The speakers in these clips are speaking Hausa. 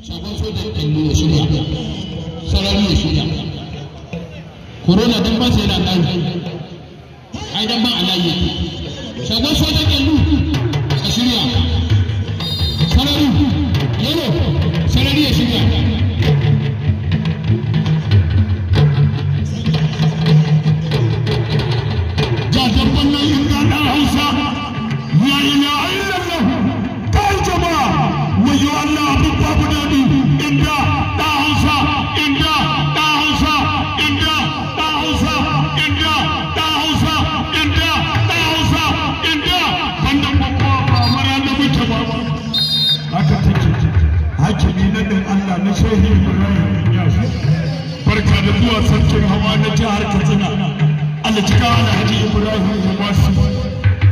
sabon sojan kalli ya shirya sarari ya shirya korona don ba sai na layi ai don ba a layi sabon sojan kalli a shirya sarari yaro sarkin hawa na jihar katsina alhaji kana haji ibrahim yawasu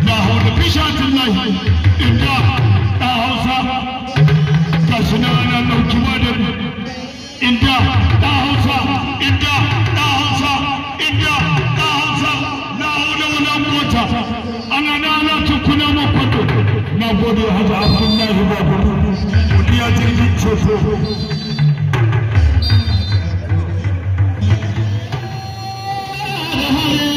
ya hau da fishatin lahi inda ɗan hausa ga shi na ranar ɗauki da inda ɗan hausa inda ɗan hausa inda ɗan hausa na hau da wani mota ana na ana tukuna makwato na gode hajji abdullahi babu godiya jirgin soso Hallelujah. Mm-hmm.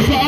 Hey, hey.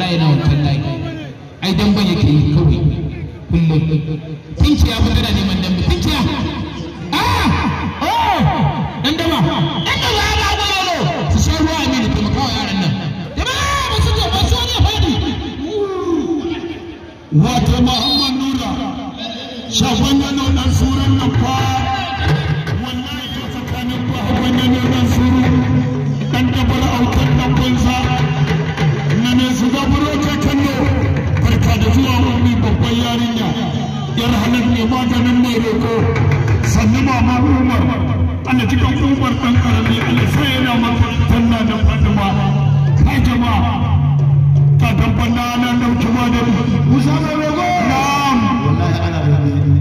wallahi na wallahi ai dambe yake yi kawai kullum sun ce tana neman dambe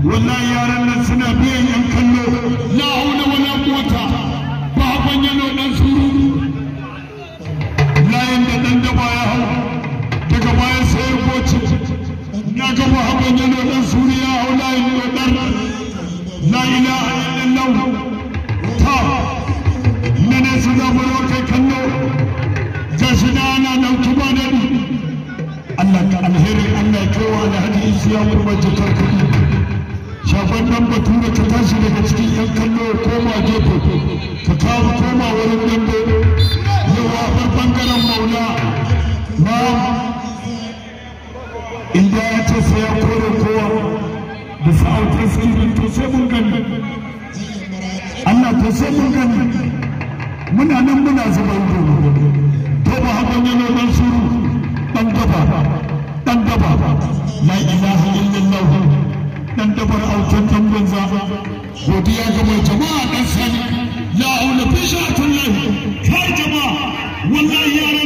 wallahi yaran nan suna biyan yan kallo la haula wala quwata ba ban yano dan suru layin da dan daba ya hau daga bayan sai goci na ga ba ban yano dan suru ya hau layin da dan la ilaha illallah ta nane su da baro kai kallo gashi da ana dauki ba dadi Allah ka alheri Allah ya kowa da hadisi ya kuma jikar kuɗi shafan nan bature ka tashi daga cikin yan kallo koma gefe ka kawo koma wurin dambe yawa har bangaren maula na inda ya ce sai ya kore kowa da sa'auta iskirin to sai mun gani Allah to sai mun gani muna nan muna zuba ido banza godiya ga mai jama'a dan sani ya aula fi sha'atullahi kai jama'a wallahi yara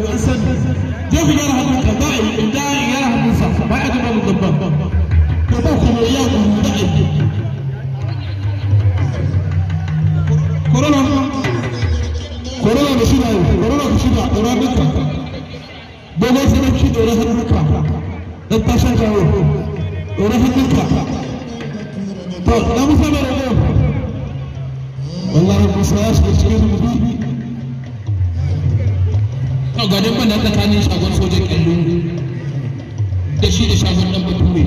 الاسد جوف يرى القبائل الداعي يرى المنصف ما يعتبر الضباب كبوكم واياكم داعي كورونا كورونا مشينا كورونا مشينا كورونا مشينا دوغو سنة مشينا ولا سنة مكا التاشا جاو ولا سنة مكا طب لا مسافر والله رب مسافر a gwanin mana tsakanin shagon sojan kyallu da shi da shagon ɗan bature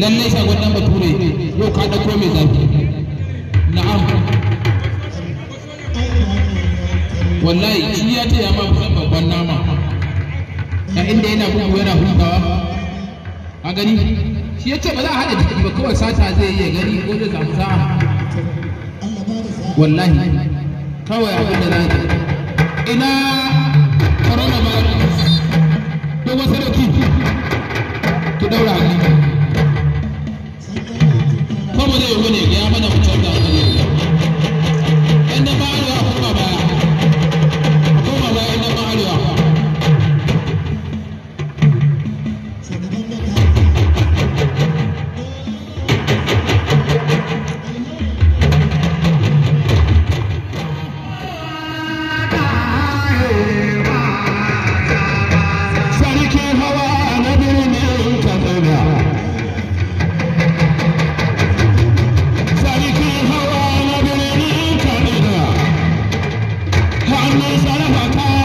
nan ne shagon ɗan bature yau ka ɗauko mai zafi na'am wallahi shi ya ce ya ma kusan babban nama a inda yana bugu yana hutawa a gani shi ya ce ba za a haɗa jiki ba kawai sata zai iya gani ko zai samu sa'a wallahi kawai abin da zai ina corona virus duk wasu dauki ki daura hannu kuma zai yi ne ya mana mutum da hannu I'm gonna Karma Saraha